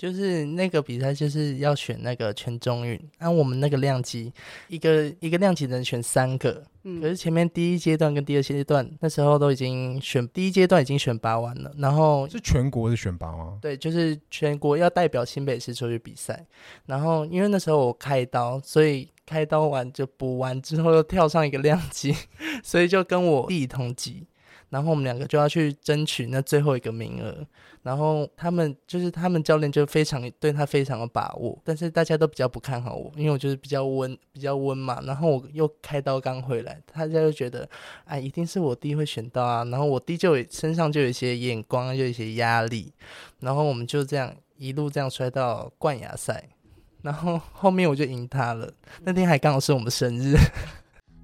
就是那個比賽就是要選那個全中運，按我們那個量級，一個一個量級能選三個，嗯，可是前面第一階段跟第二階段那時候都已經選第一階段已經選拔完了，然後是全國的選拔嗎？對，就是全國要代表新北市出去比賽，然後因為那時候我開刀，所以開刀完就補完之後又跳上一個量級， 所以就跟我弟同級。然後我們兩個就要去爭取那最後一個名額，然後他們就是他們教練就非常對他非常的把握，但是大家都比較不看好我，因為我就是比較溫比較溫嘛，然後我又開刀剛回來，大家就覺得，哎，一定是我弟會選到啊，然後我弟就身上就有一些眼光，就有一些壓力，然後我們就這樣一路這樣摔到冠亞賽，然後後面我就贏他了，那天還剛好是我們生日。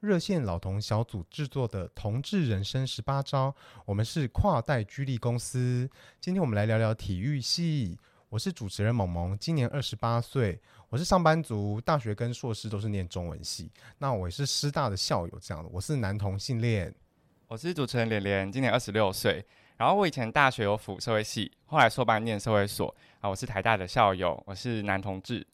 熱線老同小組制作的《同志人生十八招》，我們是跨代 G 力公司，今天我們來聊聊體育系。我是主持人萌萌，今年二十八歲，我是上班族，大學跟碩士都是念中文系。那我也是師大的校友，這樣的我是男同性戀。我是主持人蓮蓮，今年二十六歲，然後我以前大學有輔社會系，後來碩班念社會所啊，我是台大的校友，我是男同志，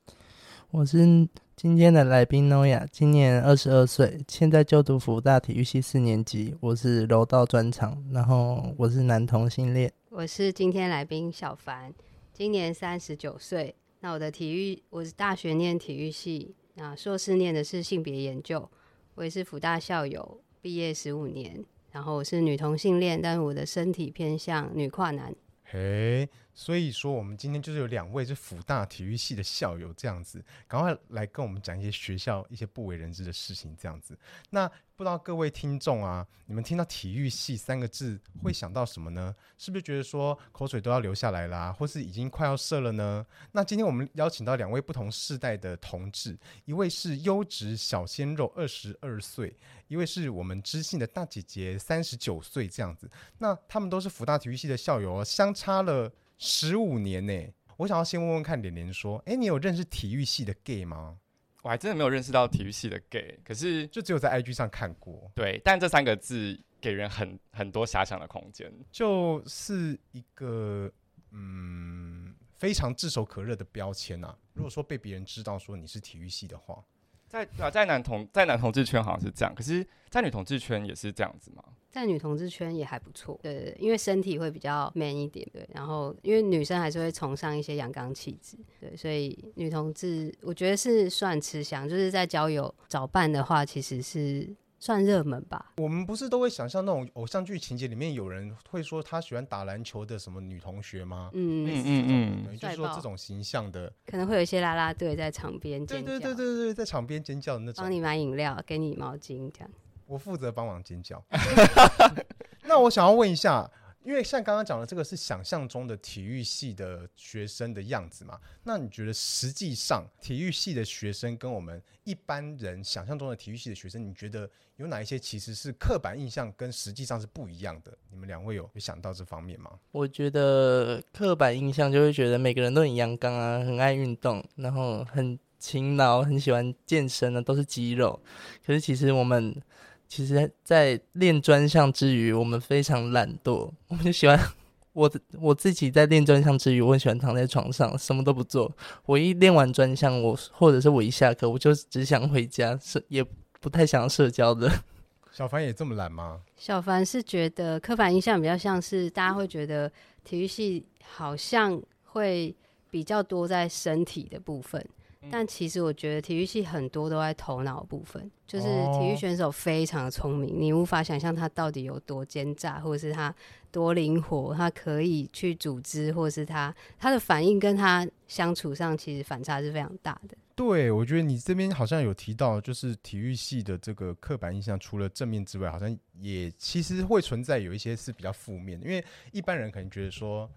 我是，今天的來賓諾亞，今年二十二歲，現在就讀輔大體育系四年級。我是柔道專長，然後我是男同性戀。我是今天來賓小凡，今年三十九歲。那我的體育，我是大學念體育系，啊，碩士念的是性別研究。我也是輔大校友，畢業十五年。然後我是女同性戀，但是我的身體偏向女跨男。嘿。所以說，我們今天就是有兩位是輔大體育系的校友，這樣子，趕快來跟我們講一些學校一些不為人知的事情，這樣子。那不知道各位聽眾啊，你們聽到體育系三個字會想到什麼呢？是不是覺得說口水都要流下來啦，啊，或是已經快要射了呢？那今天我們邀請到兩位不同世代的同志，一位是優質小鮮肉，二十二歲；一位是我們知性的大姐姐，三十九歲。這樣子，那他們都是輔大體育系的校友，喔，相差了。十五年呢、欸，我想要先問問看，蓮蓮說，哎、欸，你有認識體育系的 gay 嗎？我還真的沒有認識到體育系的 gay，可是就只有在 IG 上看過。對，但這三個字給人很很多遐想的空間，就是一個嗯非常炙手可熱的標籤吶、啊。如果說被別人知道說你是體育系的話，在、啊、在男同在男同志圈好像是這樣，可是在女同志圈也是這樣子嘛。在女同志圈也還不錯，對對，因為身體會比較 man 一點，對，然後因為女生還是會崇尚一些陽剛氣質，對，所以女同志我覺得是算吃香，就是在交友找伴的話，其實是算熱門吧。我們不是都會想象那種偶像劇情節裡面有人會說他喜歡打籃球的什麼女同學嗎？嗯，嗯嗯嗯，就是說這種形象的，可能會有一些拉拉隊在場邊尖叫，對對對對對，在場邊尖叫的那種，幫你買飲料，給你毛巾這樣。我負責幫忙尖叫。 那我想要問一下，因為像剛剛講的，這個是想象中的體育系的學生的樣子嘛？那你覺得實際上體育系的學生跟我們一般人想象中的體育系的學生，你覺得有哪一些其實是刻板印象跟實際上是不一樣的？你們兩位有想到這方面嗎？我覺得刻板印象就會覺得每個人都很陽剛啊，很愛運動，然後很勤勞，很喜歡健身啊，都是肌肉。可是其實我們。其實，在練專項之餘，我們非常懶惰，我們就喜歡我我自己在練專項之餘，我很喜歡躺在床上，什麼都不做。我一練完專項，我或者是我一下課，我就只想回家，是也不太想社交的。小帆也這麼懶嗎？小帆是覺得刻板印象比較像是大家會覺得體育系好像會比較多在身體的部分。但其實我覺得體育系很多都在頭腦部分，就是體育選手非常的聰明，哦、你無法想象他到底有多奸詐，或者是他多靈活，他可以去組織，或者是他他的反應跟他相處上其實反差是非常大的。對，我覺得你這邊好像有提到，就是體育系的這個刻板印象，除了正面之外，好像也其實會存在有一些是比較負面的，因為一般人可能覺得說。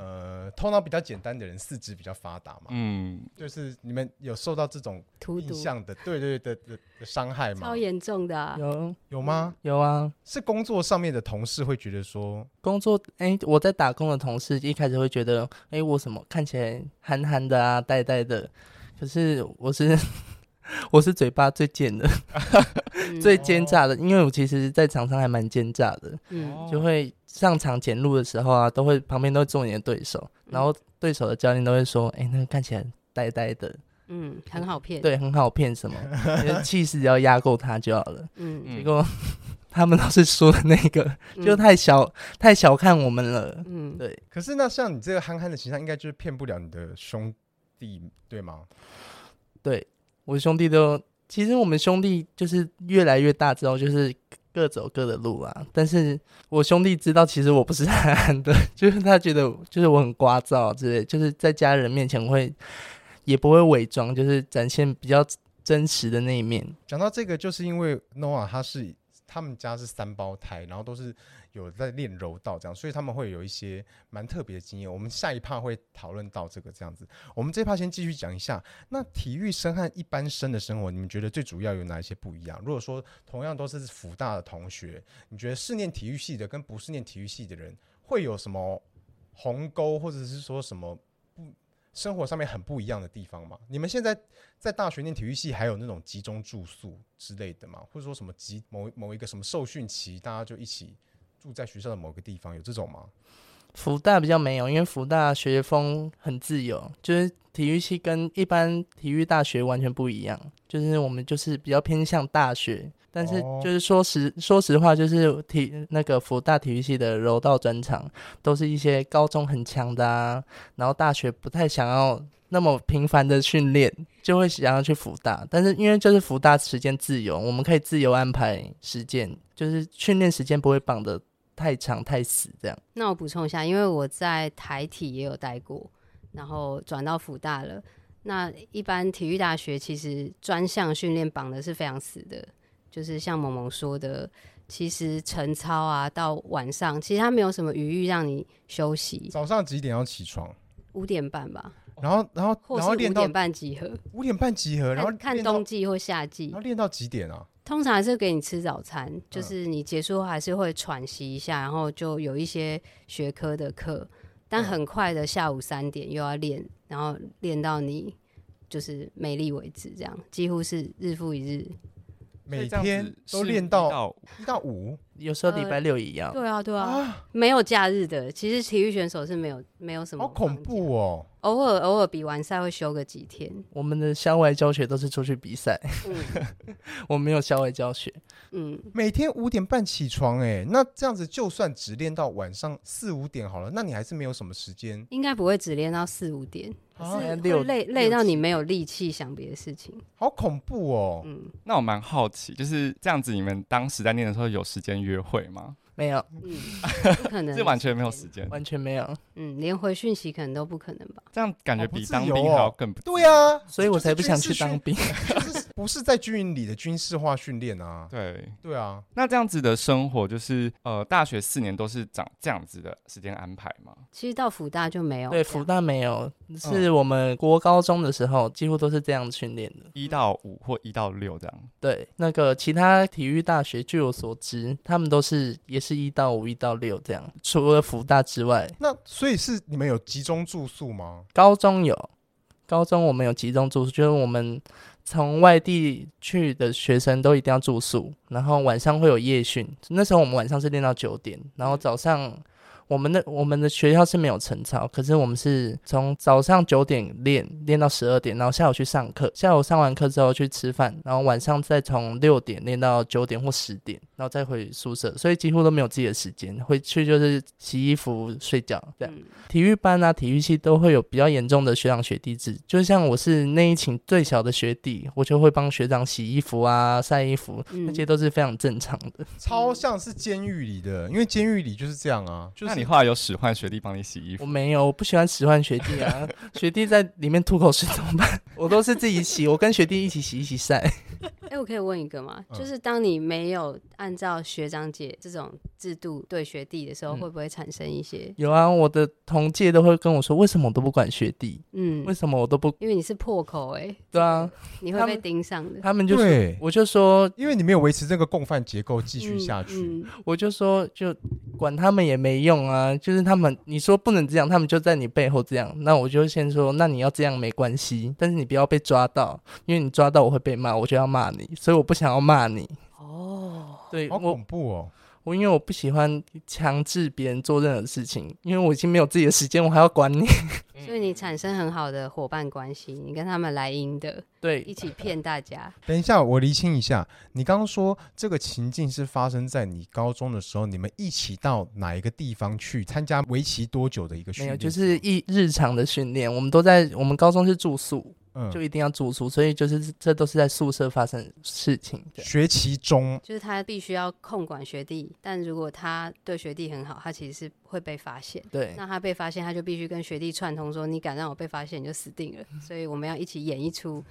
呃，頭腦比較簡單的人，四肢比較發達嘛。嗯，就是你們有受到這種印象的，對對的的傷毒害嗎？超嚴重的、啊，有有嗎有？有啊，是工作上面的同事會覺得說，工作哎、欸，我在打工的同事一開始會覺得，哎、欸，我什麼看起來憨憨的啊，呆呆的，可是我是我是嘴巴最賤的。啊最奸詐的，因為我其實，在場上還蠻奸詐的，嗯，就會上場檢錄的時候啊，都會旁邊都會坐你的對手，然後對手的教練都會說：“哎，那個看起來呆呆的，嗯，很好騙，對，很好騙，什麼你的氣勢只要壓過他就好了。”嗯，結果他們都是輸的那個，就太小太小看我們了。嗯，對。可是那像你這個憨憨的形象，應該就是騙不了你的兄弟，對嗎？對我兄弟都。其實我們兄弟就是越來越大之後，就是各走各的路啊。但是我兄弟知道，其實我不是憨憨的，就是他覺得就是我很聒噪之類，就是在家人面前會也不會偽裝，就是展現比較真實的那一面。講到這個，就是因為 Noah 他是，他們家是三胞胎，然後都是。有在練柔道這樣，所以他們會有一些蠻特別的經驗。我們下一趴會討論到這個這樣子。我們這趴先繼續講一下。那體育生和一般生的生活，你們覺得最主要有哪一些不一樣？如果說同樣都是輔大的同學，你覺得是念體育系的跟不是念體育系的人會有什麼鴻溝，或者是說什麼不生活上面很不一樣的地方嗎？你們現在在大學念體育系，還有那種集中住宿之類的嗎？或者說什麼集某某一個什麼受訓期，大家就一起。住在學校的某個地方，有這種嗎？輔大比較沒有，因為輔大學風很自由，就是體育系跟一般體育大學完全不一樣。就是我們就是比較偏向大學，但是就是說實、oh. 說實話，就是體那個輔大體育系的柔道專長，都是一些高中很強的啊，然後大學不太想要那麼頻繁的訓練，就會想要去輔大。但是因為就是輔大時間自由，我們可以自由安排時間，就是訓練時間不會綁的。太長太死這樣。那我補充一下，因為我在台體也有待過，然後轉到輔大了。那一般體育大學其實專項訓練綁的是非常死的，就是像某某說的，其實晨操啊到晚上，其實他沒有什麼餘裕讓你休息。早上幾點要起床？五點半吧。哦、然後，然後，練到然後練到五點半集合。五點半集合，然後看冬季或夏季。要練到幾點啊？通常還是給你吃早餐，就是你結束後還是會喘息一下，然後就有一些學科的課，但很快的下午三點又要練，然後練到你就是沒力為止，這樣幾乎是日復一日。每天都練到一到五，有時候禮拜六一樣。對啊，對啊，沒有假日的。其實體育選手是沒有沒有什麼。好恐怖哦！偶爾偶爾比完賽會休個幾天。我們的校外教學都是出去比賽。嗯、 我沒有校外教學。嗯，每天五點半起床，欸，哎，那這樣子就算只練到晚上四五點好了，那你還是沒有什麼時間。應該不會只練到四五點。是累有累到你沒有力氣想別的事情，好恐怖哦、喔。嗯，那我蠻好奇，就是這樣子，你們當時在念的時候有時間約會嗎？沒有，嗯、啊，不可能，這完全沒有時間，完全沒有，嗯，連回訊息可能都不可能吧。這樣感覺比當兵還要更不自由，不、喔，對啊，所以我才不想去當兵。不是在軍營裡的軍事化訓練啊！對，對啊。那這樣子的生活就是呃，大學四年都是長這樣子的時間安排嗎？其實到輔大就沒有。對，輔大沒有，是我們國高中的時候、嗯、幾乎都是這樣訓練的，一到五或一到六這樣。對，那個其他體育大學據我所知，他們都是也是一到五、一到六這樣，除了輔大之外。那所以是你們有集中住宿嗎？高中有，高中我們有集中住宿，就是我們。從外地去的學生都一定要住宿，然後晚上會有夜訓。那時候我們晚上是練到九點，然後早上。我們的我們的學校是沒有晨操，可是我們是從早上九點練練到十二點，然後下午去上課，下午上完課之後去吃飯，然後晚上再從六點練到九點或十點，然後再回宿舍，所以幾乎都沒有自己的時間，回去就是洗衣服、睡覺這樣。嗯、體育班啊，體育系都會有比較嚴重的學長學弟制，就像我是那一群最小的學弟，我就會幫學長洗衣服啊、曬衣服，嗯、那些都是非常正常的。超像是監獄裡的，因為監獄裡就是這樣啊，就是。啊你你後來有使喚學弟幫你洗衣服？我沒有，我不喜歡使喚學弟啊！ 學弟在裡面吐口水怎麼辦？ 我都是自己洗， 我跟學弟一起洗一起曬。哎、欸，我可以問一個嗎？嗯、就是當你沒有按照學長姐這種。制度對學弟的時候會不會產生一些？嗯、有啊，我的同屆都會跟我說，為什麼我都不管學弟？嗯，為什麼我都不？因為你是破口哎、欸。對啊， 你會被盯上的。他們，他們就是，對我就說，因為你沒有維持這個共犯結構繼續下去、嗯嗯，我就說，就管他們也沒用啊。就是他們，你說不能這樣，他們就在你背後這樣。那我就先說，那你要這樣沒關係，但是你不要被抓到，因為你抓到我會被罵，我就要罵你，所以我不想要罵你。哦，對，好恐怖哦。我因為我不喜歡強制別人做任何事情，因為我已經沒有自己的時間，我還要管你，所以你產生很好的夥伴關係，你跟他們來陰的，對，一起騙大家。等一下，我釐清一下，你剛剛說這個情境是發生在你高中的時候，你們一起到哪一個地方去參加為期多久的一個訓練？沒有，就是一日常的訓練。我們都在我們高中是住宿。就一定要住宿，所以就是這都是在宿舍發生的事情。學期中，就是他必須要控管學弟，但如果他對學弟很好，他其實是會被發現。對，那他被發現，他就必須跟學弟串通，說你敢讓我被發現，你就死定了。所以我們要一起演一出，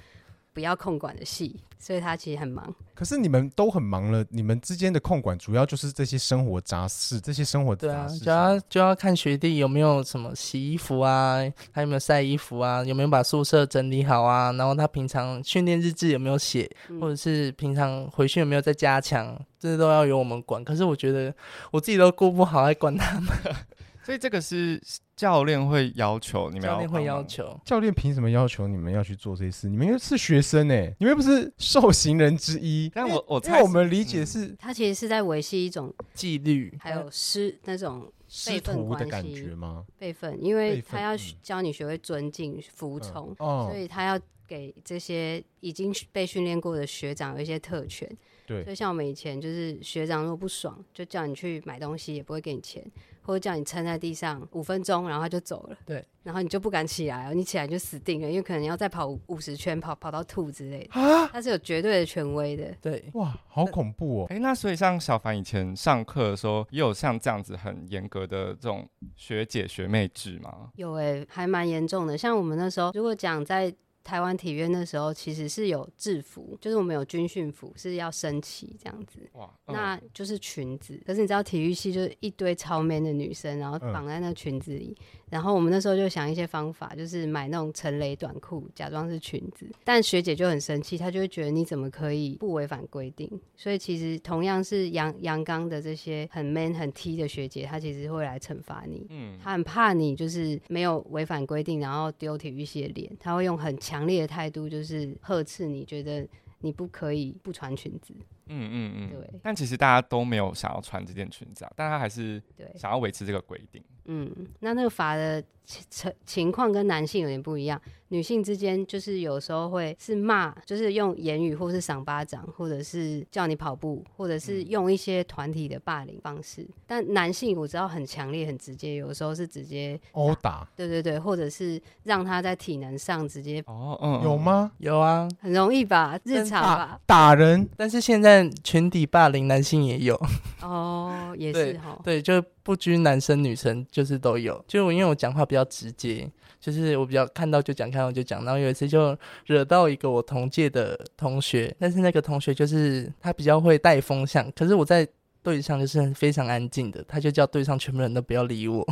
不要控管的戲，所以他其實很忙。可是你們都很忙了，你們之間的控管主要就是這些生活雜事，這些生活雜事。對啊，就要就要看學弟有沒有什麼洗衣服啊，還有沒有曬衣服啊，有沒有把宿舍整理好啊。然後他平常訓練日志有沒有寫，嗯、或者是平常回去有沒有再加強，這、就、些、是、都要由我們管。可是我覺得我自己都顧不好，還管他們。 所以這個是教練會要求你們要，教練會要求教練憑什麼要求你們要去做這些事？你們又是學生哎、欸，你們又不是受刑人之一。但我我因、欸、我們理解是、嗯，他其實是在維繫一種紀律，還有師要那種輩分關係師徒的感覺嗎？輩分，因為他要教你學會尊敬、服從，嗯、所以他要給這些已經被訓練過的學長有一些特權。對，所以像我們以前就是學長，如果不爽，就叫你去買東西，也不會給你錢。或者叫你撐在地上五分鐘，然後他就走了。對，然後你就不敢起來，你起來就死定了，因為可能要再跑五十圈，跑跑到吐之類的。啊蛤！他是有絕對的權威的。對，哇，好恐怖哦！哎、欸，那所以像小帆以前上課的時候，也有像這樣子很嚴格的這種學姐學妹制嗎？有哎、欸，還蠻嚴重的。像我們那時候，如果講在。台灣體院的時候其實是有制服，就是我們有軍訓服，是要升旗這樣子。哇，嗯、那就是裙子。可是你知道體育系就是一堆超 man 的女生，然後綁在那裙子裡。嗯然後我們那時候就想一些方法，就是買那種陳蕾短褲，假裝是裙子。但學姐就很生氣，她就會覺得你怎麼可以不違反規定？所以其實同樣是陽陽剛的這些很 man 很 T 的學姐，她其實會來懲罰你。嗯，她很怕你就是沒有違反規定，然後丟體育系的臉。她會用很強烈的態度，就是呵斥你，覺得你不可以不穿裙子。嗯嗯嗯，嗯嗯對，但其實大家都沒有想要穿這件裙子，啊，但他還是對想要維持這個規定。嗯，那那個法的情情況跟男性有點不一樣，女性之間就是有時候會是罵，就是用言語或是賞巴掌，或者是叫你跑步，或者是用一些團體的霸凌方式。嗯、但男性我知道很強烈、很直接，有時候是直接毆打，哦、打對對對，或者是讓他在體能上直接哦，嗯，嗯，有嗎？有啊，很容易吧，日常吧，打人。但是現在。但群體霸凌，男性也有哦，也是哈、哦， 對，就是不拘男生女生，就是都有。就是因為我講話比較直接，就是我比較看到就講，看到就講。然後有一次就惹到一個我同屆的同學，但是那個同學就是他比較會帶風向，可是我在隊上就是非常安靜的，他就叫隊上全部人都不要理我，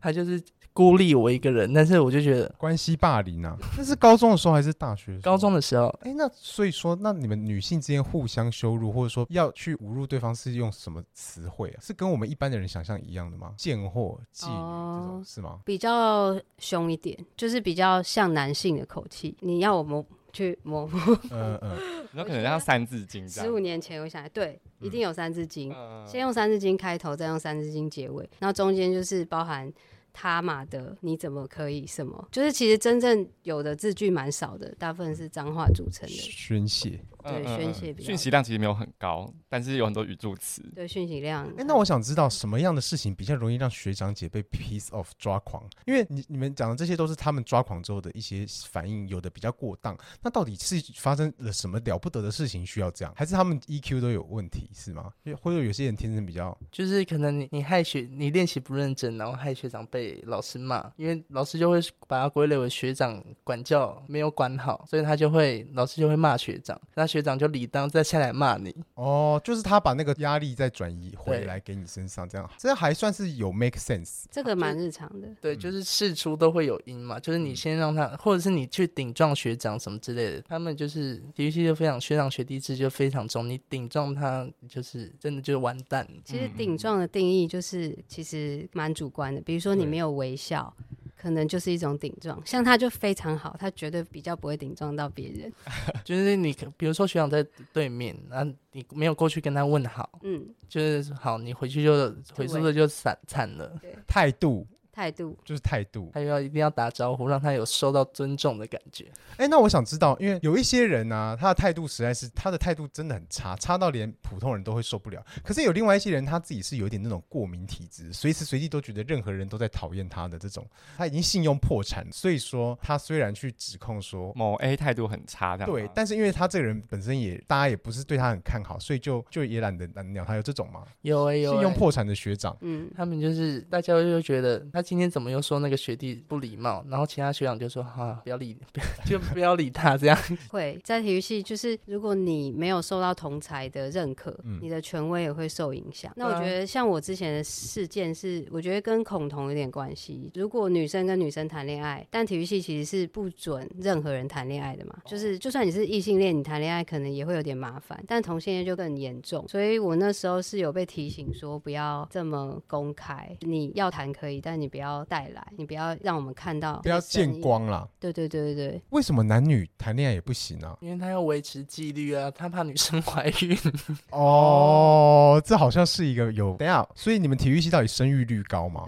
他就是。孤立我一個人，但是我就覺得關係霸凌呢那是高中的時候還是大學？高中的時候，哎、欸，那所以說，那你們女性之間互相羞辱，或者說要去侮辱對方，是用什麼詞彙啊？是跟我們一般的人想象一樣的嗎？賤貨、妓女這種、哦、是嗎？比較凶一點，就是比較像男性的口氣。你要我們去摸摸、嗯？嗯嗯，那 可能要三字經。十五年前，我想對，一定有三字經。嗯、先用三字經開頭，再用三字經結尾，然後中間就是包含。他媽的！你怎麼可以什麼？就是其實真正有的字句蠻少的，大部分是髒話組成的宣洩，對、呃、宣洩，訊息量其實沒有很高。還是有很多語助詞。對，訊息量，欸，那我想知道什麼樣的事情比較容易讓學長姐被 piece of 抓狂？因為你你們講的這些都是他們抓狂之後的一些反應，有的比較過當。那到底是發生了什麼了不得的事情需要這樣？還是他們 EQ 都有問題是嗎？或者有，有些人天生比較……就是可能你你害學你練習不認真，然後害學長被老師罵，因為老師就會把他歸類為學長管教沒有管好，所以他就會老師就會罵學長，那學長就理當再下來罵你哦。就是他把那個壓力再轉移回來給你身上，這樣，對這樣還算是有 make sense。這個蠻日常的，對，就是事出都會有因嘛。嗯、就是你先讓他，或者是你去頂撞學長什麼之類的，他們就是體育系就非常學長學弟制就非常重，你頂撞他就是真的就完蛋。其實頂撞的定義就是其實蠻主觀的，比如說你沒有微笑。可能就是一種頂撞，像他就非常好，他絕對比較不會頂撞到別人。 就是你比如說學長在對面，那、啊、你沒有過去跟他問好，嗯，就是好，你回去就回宿舍就慘慘對了。態對度。態度就是態度，他要一定要打招呼，讓他有受到尊重的感覺。哎，那我想知道，因為有一些人呢，他的態度實在是他的態度真的很差，差到連普通人都會受不了。可是有另外一些人，他自己是有一點那種過敏體質，隨時隨地都覺得任何人都在討厭他的這種，他已經信用破產。所以說，他雖然去指控說某 A 態度很差，對，但是因為他這個人本身也大家也不是對他很看好，所以就就也懶得懶得鳥他。有這種嗎？有哎，有欸，信用破產的學長，嗯，他們就是大家就會覺得他。今天怎麼又說那個學弟不禮貌？然後其他學長就說：“哈、啊，不要理不要，就不要理他。”這樣 會在體育系，就是如果你沒有受到同儕的認可，嗯、你的權威也會受影響。嗯、那我覺得像我之前的事件是，我覺得跟恐同有點關係。如果女生跟女生談戀愛，但體育系其實是不准任何人談戀愛的嘛。就是就算你是異性戀，你談戀愛可能也會有點麻煩，但同性戀就更嚴重。所以我那時候是有被提醒說不要這麼公開。你要談可以，但你別不要帶來，你不要讓我們看到，不要見光啦。對對對對對。為什麼男女談戀愛也不行呢、啊？因為他要維持紀律啊，他怕女生懷孕。 哦，這好像是一個有等下，所以你們體育系到底生育率高嗎？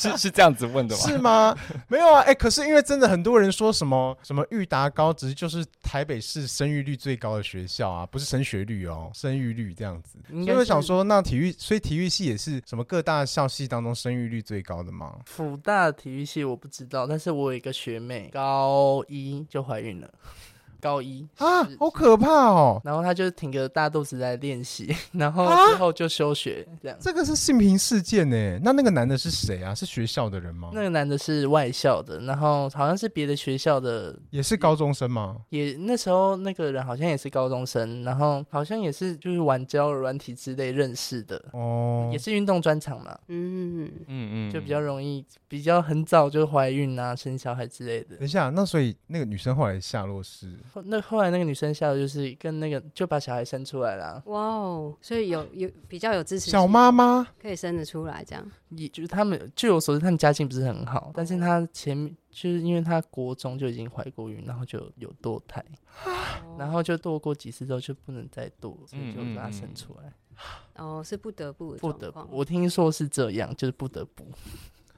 是是這樣子問的嗎？是嗎？沒有啊，哎、欸，可是因為真的很多人說什麼什麼育達高職就是台北市生育率最高的學校啊，不是升學率哦，生育率這樣子。所以我想說，那體育所以體育系也是什麼各大校系當中生育率。最高的嗎？輔大體育系我不知道，但是我有一個學妹，高一就懷孕了。 高一啊，是好可怕哦！然後他就挺個大肚子在練習，然後之後就休學、啊、這樣。這個是性平事件耶？那那個男的是誰啊？是學校的人嗎？那個男的是外校的，然後好像是別的學校的，也是高中生嗎？也那時候那個人好像也是高中生，然後好像也是就是玩交軟體之類認識的哦，也是運動專長嘛，嗯嗯嗯，就比較容易比較很早就懷孕啊，生小孩之類的。等一下，那所以那個女生後來下落是？後那後來那個女生笑，就是跟那個就把小孩生出來了哇哦，wow, 所以有有比較有支持小媽媽可以生得出來這樣，也就是他們據我所知他們家境不是很好，哦、但是她前就是因為她國中就已經懷過孕，然後就有墮胎，哦、然後就墮過幾次之後就不能再墮，所以就把他生出來。哦、嗯嗯嗯，是不得不，不得不，我聽說是這樣，就是不得不。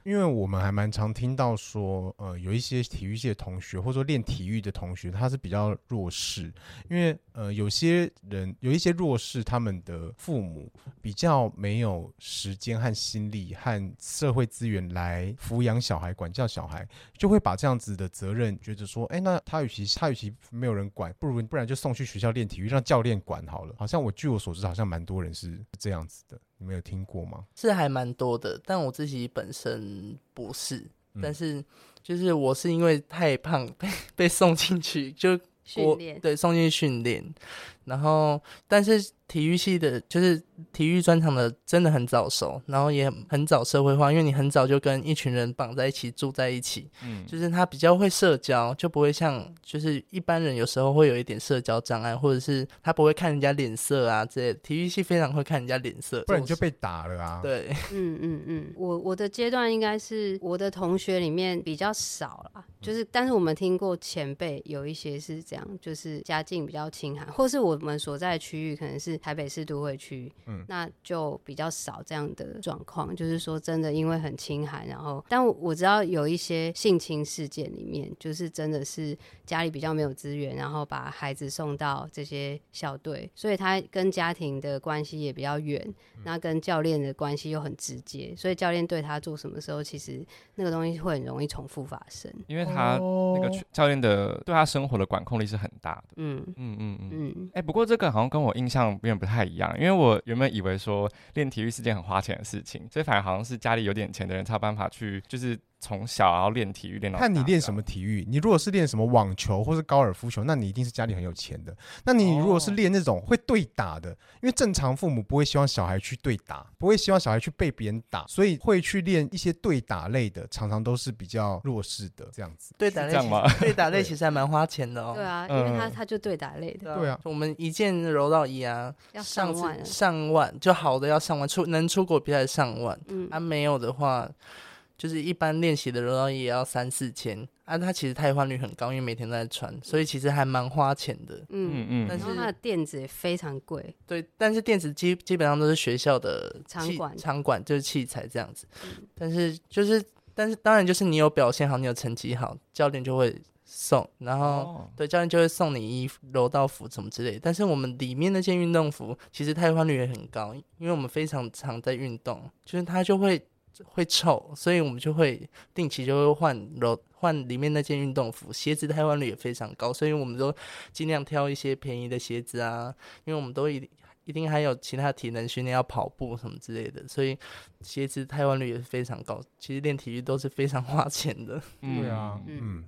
因為我們還蠻常聽到說，呃，有一些體育系的同學或者說練體育的同學，他是比較弱勢，因為呃，有些人有一些弱勢，他們的父母比較沒有時間和心力和社會資源來撫養小孩、管教小孩，就會把這樣子的責任覺得說，哎，那他與其他與其沒有人管，不如不然就送去學校練體育，讓教練管好了。好像我據我所知，好像蠻多人是這樣子的。你沒有聽過嗎？是還蠻多的，但我自己本身不是，嗯，但是就是我是因為太胖被被送進去就訓練，練對，送進去訓練。然後，但是體育系的，就是體育專場的，真的很早熟，然後也很早社會化，因為你很早就跟一群人綁在一起住在一起，嗯，就是他比較會社交，就不會像就是一般人有時候會有一點社交障礙，或者是他不會看人家臉色啊之類的。體育系非常會看人家臉色，不然你就被打了啊。對，嗯嗯嗯，我我的階段應該是我的同學裡面比較少了、啊，就是、嗯、但是我們聽過前輩有一些是這樣，就是家境比較清寒，或是我。我們所在的區域可能是台北市都會區，嗯，那就比較少這樣的狀況。就是說，真的因為很清寒，然後但我，我知道有一些性侵事件裡面，就是真的是家裡比較沒有資源，然後把孩子送到這些校隊，所以他跟家庭的關係也比較遠，嗯、那跟教練的關係又很直接，所以教練對他做什麼時候，其實那個東西會很容易重複發生，因為他那個教練的對他生活的管控力是很大的。嗯嗯嗯嗯。嗯欸，不過這個好像跟我印象有點不太一樣，因為我原本以為說練體育是件很花錢的事情，所以反而好像是家裡有點錢的人才有辦法去，就是。從小要練體育，練，看你練什麼體育。你如果是練什麼網球或是高爾夫球，那你一定是家裡很有錢的。那你如果是練那種會對打的，哦、因為正常父母不會希望小孩去對打，不會希望小孩去被別人打，所以會去練一些對打類的，常常都是比較弱勢的這樣子。對打類，對，對打類其實還蠻花錢的哦。對啊，因為他他就對打類、嗯、對啊，對啊，我們一件柔道衣啊，要上，萬上，上萬，上萬就好的要上萬，出能出國比賽上萬，嗯、啊沒有的話。就是一般練習的柔道衣也要三四千啊，他其實汰換率很高，因為每天都在穿，所以其實還蠻花錢的。嗯嗯，但是、嗯嗯、然後他的墊子也非常貴。對，但是墊子基基本上都是學校的場館，場館就是器材這樣子。嗯、但是就是，但是當然就是你有表現好，你有成績好，教練就會送。然後、哦、對，教練就會送你衣服、柔道服什麼之類的。但是我們裡面那些運動服其實汰換率也很高，因為我們非常常在運動，就是他就會。會臭，所以我們就會定期就會換柔換裡面那件運動服。鞋子汰換率也非常高，所以我們都盡量挑一些便宜的鞋子啊。因為我們都一一定還有其他體能訓練要跑步什麼之類的，所以鞋子汰換率也是非常高。其實練體育都是非常花錢的。對啊，嗯。嗯嗯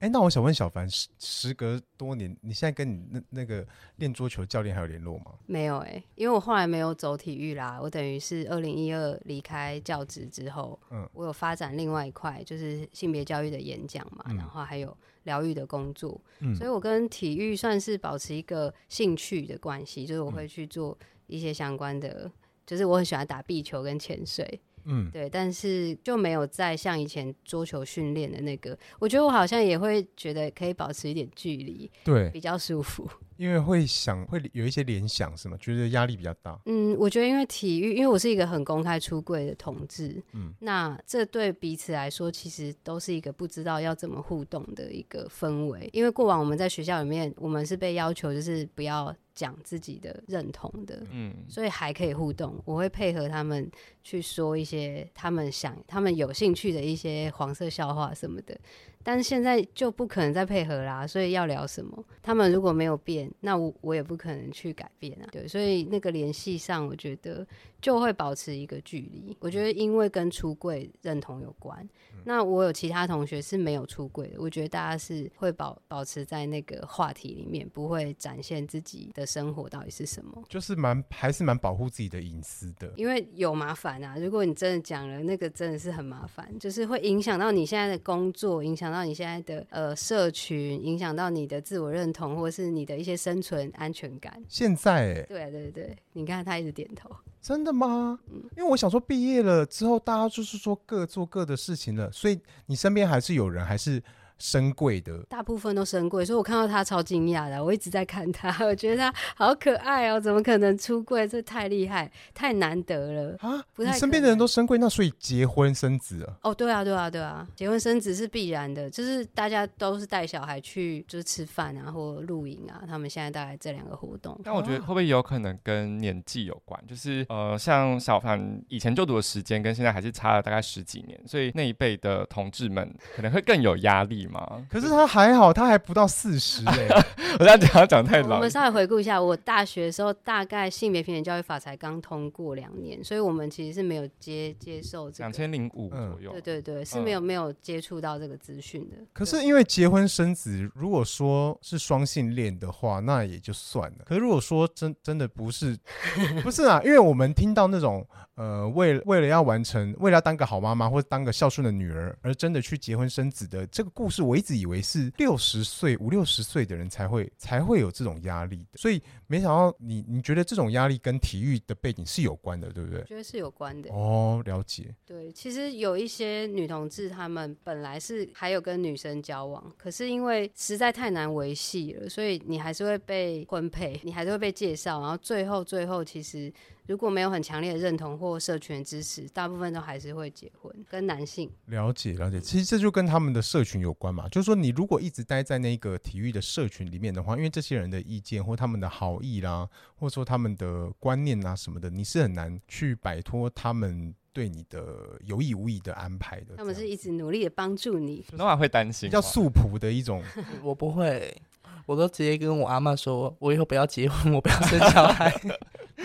哎，那我想問小帆，時時隔多年，你現在跟你那那個練桌球教練還有聯絡嗎？沒有哎、欸，因為我後來沒有走體育啦，我等於是二零一二離開教職之後，嗯，我有發展另外一塊，就是性別教育的演講嘛，嗯、然後還有療癒的工作，嗯，所以我跟體育算是保持一個興趣的關係，就是我會去做一些相關的，嗯、就是我很喜歡打壁球跟潛水。嗯，對，但是就沒有再像以前桌球訓練的那個，我覺得我好像也會覺得可以保持一點距離，對，比較舒服。因為會想會有一些聯想是嗎？覺得壓力比較大。嗯，我覺得因為體育，因為我是一個很公開出櫃的同志，嗯，那這對彼此來說其實都是一個不知道要怎麼互動的一個氛圍，因為過往我們在學校裡面，我們是被要求就是不要。講自己的認同的，嗯，所以還可以互動。我會配合他們去說一些他們想、他們有興趣的一些黃色笑話什麼的。但是現在就不可能再配合啦，所以要聊什麼？他們如果沒有變，那我我也不可能去改變啊。對，所以那個聯繫上，我覺得。就會保持一個距離，我覺得因為跟出櫃認同有關。嗯、那我有其他同學是沒有出櫃的，我覺得大家是會保保持在那個話題裡面，不會展現自己的生活到底是什麼，就是蠻還是蠻保護自己的隱私的，因為有麻煩啊。如果你真的講了，那個真的是很麻煩，就是會影響到你現在的工作，影響到你現在的呃社群，影響到你的自我認同，或是你的一些生存安全感。現在、欸，對啊、對對對，你看他一直點頭。真的嗎？因為我想說，畢業了之後，大家就是說各做各的事情了，所以你身邊還是有人，還是。深櫃的，大部分都深櫃，所以我看到他超驚訝的、啊。我一直在看他，我覺得他好可愛哦、喔，怎麼可能出櫃？這太厲害，太難得了啊！不是。身邊的人都深櫃，那所以結婚生子啊？哦，對啊，對啊，對啊，結婚生子是必然的，就是大家都是帶小孩去，就是吃飯啊，或露營啊。他們現在大概這兩個活動。但我覺得會不會有可能跟年紀有關？就是呃，像小帆以前就讀的時間跟現在還是差了大概十幾年，所以那一輩的同志們可能會更有壓力。 可是他還好，他還不到四十，欸，、對 我在講他講太老。我們稍微回顧一下，我大學的時候，大概性別平等教育法才剛通過兩年，所以我們其實是沒有接接受這個，兩千零五左右，嗯、對對對，是沒有沒有接觸到這個資訊的。嗯、對可是因為結婚生子，如果說是雙性戀的話，那也就算了。可是如果說真真的不是， 不是啊，因為我們聽到那種。呃，為了為了要完成，為了要當個好媽媽或者當個孝順的女兒而真的去結婚生子的這個故事，我一直以為是六十歲、五六十歲的人才會才會有這種壓力的，所以沒想到你你覺得這種壓力跟體育的背景是有關的，對不對？我覺得是有關的。哦，了解。對，其實有一些女同志，她們本來是還有跟女生交往，可是因為實在太難維繫了，所以你還是會被婚配，你還是會被介紹，然後最後最後其實。如果沒有很強烈的認同或社群支持，大部分都還是會結婚，跟男性。了解，了解其實這就跟他們的社群有關嘛，就是說你如果一直待在那個體育的社群裡面的話，因為這些人的意見或他們的好意啦、啊，或者說他們的觀念啊什麼的，你是很難去擺脫他們對你的有意無意的安排的。他們是一直努力的幫助你，那還會擔心。叫素樸的一種我，一種 我不會，我都直接跟我阿媽說，我以後不要結婚，我不要生小孩。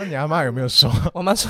你阿媽有沒有說？我媽說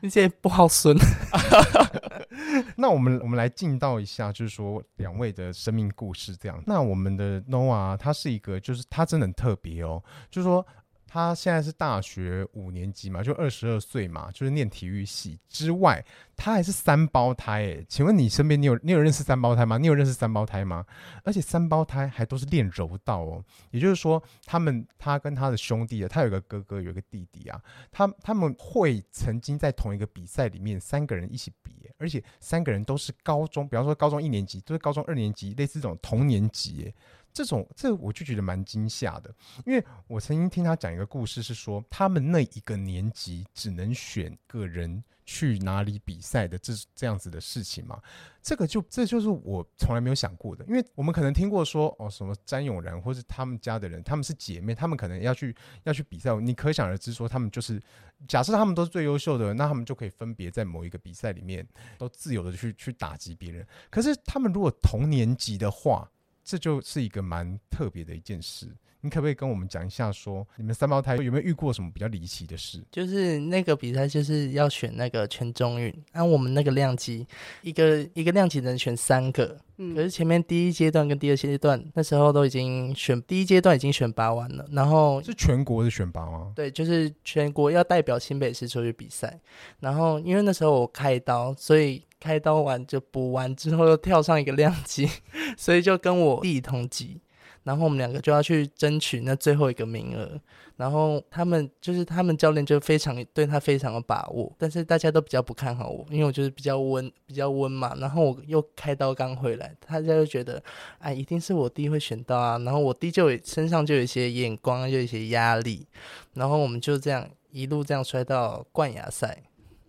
你現在不好損。 那我們我們來進到一下，就是說兩位的生命故事這樣。那我們的 Noah，、ah, 他是一個，就是他真的很特別哦，就是說。嗯他現在是大學五年級嘛，就二十二歲嘛，就是念體育系之外，他還是三胞胎誒、欸，請問你身邊你有你有認識三胞胎嗎？你有認識三胞胎嗎？而且三胞胎還都是練柔道哦、喔。也就是說，他們他跟他的兄弟啊，他有個哥哥，有個弟弟啊，他他們會曾經在同一個比賽裡面三個人一起比、欸，而且三個人都是高中，比方說高中一年級，就是高中二年級，類似這種同年級、欸。這種，這我就覺得蠻驚嚇的，因為我曾經聽他講一個故事，是說他們那一個年級只能選個人去哪裡比賽的這這樣子的事情嘛。這個就這就是我從來沒有想過的，因為我們可能聽過說哦什麼詹詠然，或者他們家的人，他們是姐妹，他們可能要去要去比賽，你可想而知說他們就是假設他們都是最優秀的，那他們就可以分別在某一個比賽裡面都自由的去去打擊別人。可是他們如果同年級的話。這就是一個蠻特別的一件事，你可不可以跟我們講一下說，說你們三胞胎有沒有遇過什麼比較離奇的事？就是那個比賽，就是要選那個全中運，按我們那個量級，一個一個量級能選三個，嗯、可是前面第一階段跟第二階段，那時候都已經選第一階段已經選拔完了，然後是全國的選拔嗎？對，就是全國要代表新北市出去比賽，然後因為那時候我開刀，所以。開刀完就補完之後又跳上一個量級，所以就跟我弟同級，然後我們兩個就要去爭取那最後一個名額。然後他們就是他們教練就非常對他非常的把握，但是大家都比較不看好我，因為我就是比較溫比較溫嘛。然後我又開刀剛回來，大家就覺得哎，一定是我弟會選到啊。然後我弟就身上就有一些眼光，就有一些壓力。然後我們就這樣一路這樣摔到冠亞賽。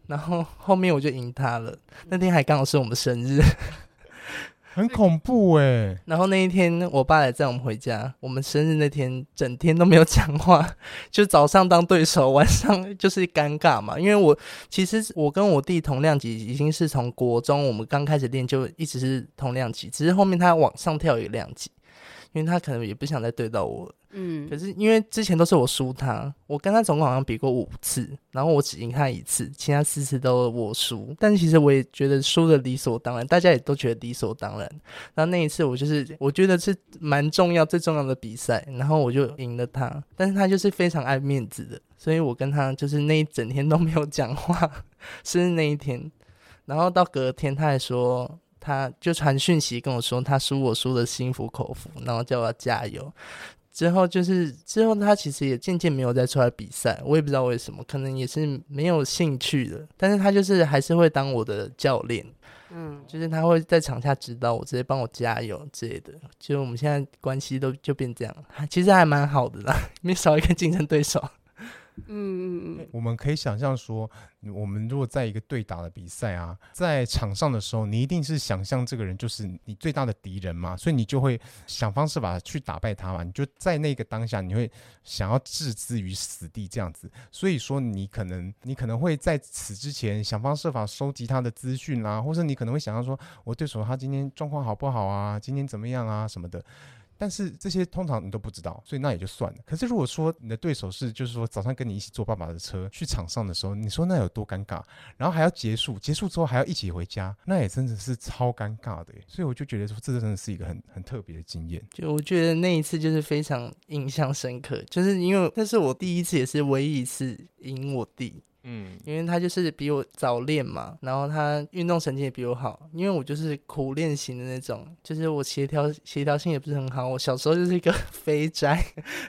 然後後面我就贏他了，那天還剛好是我們生日， 很恐怖哎，欸。然後那一天我爸來載我們回家，我們生日那天整天都沒有講話，就早上當對手，晚上就是尷尬嘛。因為我其實我跟我弟同量級，已經是從國中我們剛開始練就一直是同量級，只是後面他往上跳一個量級。因為他可能也不想再對到我了，嗯，可是因為之前都是我輸他，我跟他總共好像比過五次，然後我只贏他一次，其他四次都是我輸。但其實我也覺得輸得理所當然，大家也都覺得理所當然。然後那一次我就是我覺得是蠻重要最重要的比賽，然後我就贏了他，但是他就是非常愛面子的，所以我跟他就是那一整天都沒有講話，是那一天，然後到隔天他還說。他就傳訊息跟我說，他輸我輸的心服口服，然後叫我要加油。之後就是之後，他其實也漸漸沒有再出來比賽，我也不知道為什麼，可能也是沒有興趣了。但是他就是還是會當我的教練，嗯，就是他會在場下指導我，直接幫我加油之類的。就我們現在關係都就變這樣，其實還蠻好的啦，沒少一個競爭對手。嗯嗯嗯，我們可以想象說，我們如果在一個對打的比賽啊，在場上的時候，你一定是想象這個人就是你最大的敵人嘛，所以你就會想方設法去打敗他嘛。你就在那個當下，你會想要置之於死地這樣子。所以說，你可能你可能會在此之前想方設法收集他的資訊啦，或者你可能會想像說，我對手他今天狀況好不好啊，今天怎麼樣啊什麼的。但是這些通常你都不知道，所以那也就算了。可是如果說你的對手是，就是說早上跟你一起坐爸爸的車去場上的時候，你說那有多尷尬，然後還要結束，結束之後還要一起回家，那也真的是超尷尬的。所以我就覺得說，這真的是一個很很特別的經驗。就我覺得那一次就是非常印象深刻，就是因為，那是我第一次也是唯一一次贏我弟。嗯，因為他就是比我早練嘛，然後他運動神經也比我好，因為我就是苦練型的那種，就是我協調協調性也不是很好，我小時候就是一個肥宅，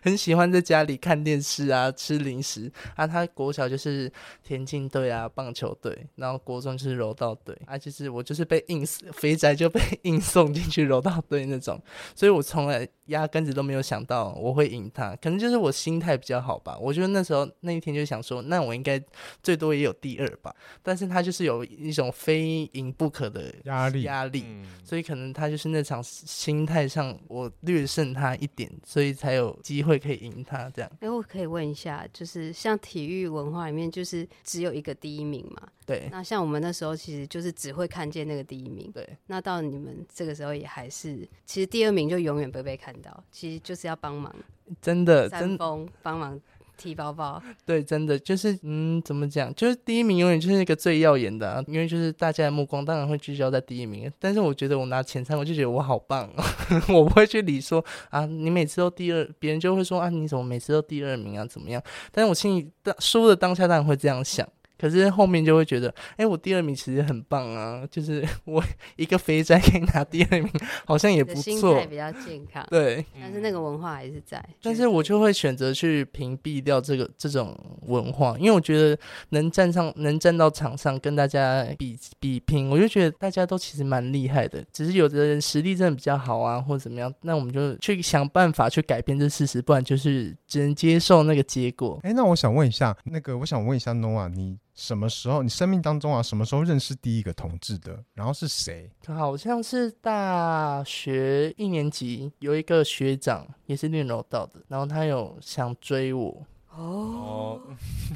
很喜歡在家裡看電視啊，吃零食。啊，他國小就是田徑隊啊，棒球隊，然後國中就是柔道隊，啊，就是我就是被硬死肥宅就被硬送進去柔道隊那種，所以我從來。壓根子都沒有想到我會贏他，可能就是我心態比較好吧。我覺得那時候那一天就想說，那我應該最多也有第二吧。但是他就是有一種非贏不可的壓力，壓力，所以可能他就是那場心態上我略勝他一點，所以才有機會可以贏他這樣。哎、欸，我可以問一下，就是像體育文化裡面就是只有一個第一名嘛？對。那像我們那時候其實就是只會看見那個第一名。對。那到你們這個時候也還是，其實第二名就永遠不會被看見。其實就是要幫忙，真的，真幫忙提包包。對，真的就是，嗯，怎麼講？就是第一名永遠就是一個最耀眼的啊，因為就是大家的目光當然會聚焦在第一名。但是我覺得我拿前三，我就覺得我好棒哦，呵呵，我不會去理說啊，你每次都第二，別人就會說啊，你怎麼每次都第二名啊？怎麼樣？但是我心裡當輸的當下，當然會這樣想。可是後面就會覺得，哎、欸，我第二名其實很棒啊，就是我一個肥宅可以拿第二名，好像也不錯。心態比較健康，對。但是那個文化還是在。確實。但是我就會選擇去屏蔽掉這個這種文化，因為我覺得能站上，能站到場上跟大家比比拼我就覺得大家都其實蠻厲害的，只是有的人實力真的比較好啊，或怎麼樣，那我們就去想辦法去改變這事實，不然就是只能接受那個結果。哎、欸，那我想問一下，那個我想問一下 Noah，你。什麼時候你生命當中啊？什麼時候認識第一個同志的？然後是誰？好像是大學一年級有一個學長，也是練柔道的，然後他有想追我哦，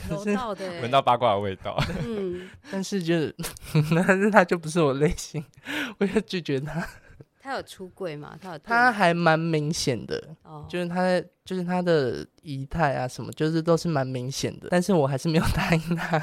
可是聞到八卦的味道，嗯， 但是就是，但是他就不是我類型，我就拒絕他。他有出櫃嗎？他有？他還蠻明顯的，對就是他就是他的儀態啊什麼，就是都是蠻明顯的，但是我還是沒有答應他。